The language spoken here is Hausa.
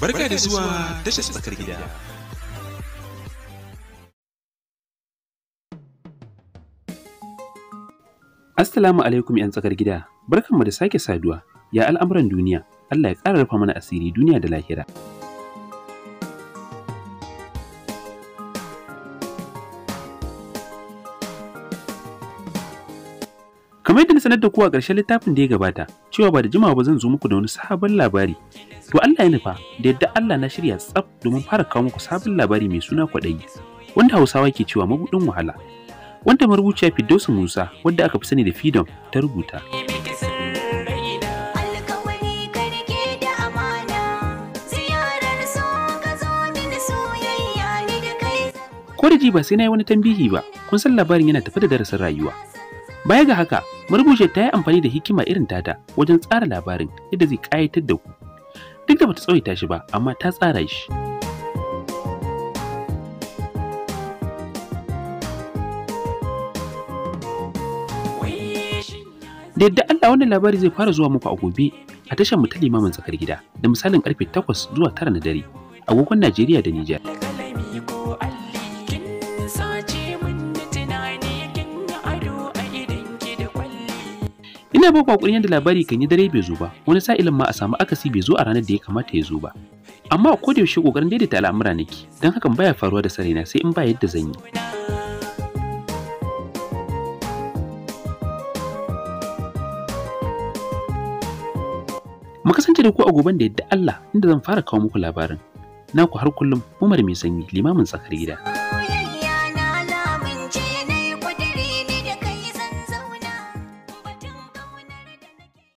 Barka da zuwa tashar tsakar gida. Assalamu alaikum 'yan tsakar gida, barkanmu da sake saduwa, ya al'amuran duniya, Allah ya ƙara rufa mana asiri duniya da lahira. Kamar yadda na sanar da ku a ƙarshen littafin da ya gabata, cewa ba da jimawa ba zan zo muku da wani sabon labari To Allah ya nufa da yadda Allah na shirya tsaf domin fara kawo muku sabon labari mai suna kwaɗayi wanda Hausawa ke cewa mabuɗin wahala. Wanda marubuciya fidosu Musa wadda aka fi sani da fidom ta rubuta. Ko da ba sai na yi wani tambihi ba, kun san labarin yana tafi da darasin rayuwa. Baya ga haka, marubuciya ta yi amfani da hikima irin tata wajen tsara labarin yadda zai ƙayatar da ku duk da bata tsawaita shi ba amma ta tsara shi da yadda Allah wannan labari zai fara zuwa muku a gobe a tashar mu ta limamin tsakar gida da misalin karfe 8 zuwa 9 na dare agogon Najeriya da Nijar. ina ba kwakurin yadda labari kan yi dare bai zo ba wani sa'ilin ma a samu akasi bai zo a ranar da ya kamata ya zo ba amma ko da yaushe kokarin daidaita al'amura nake don hakan baya faruwa da saraina sai in ba yadda zan yi mu kasance da ku a goben da yadda Allah inda zan fara kawo muku labarin naku har kullum Umar mai sanyi limamin tsakar gida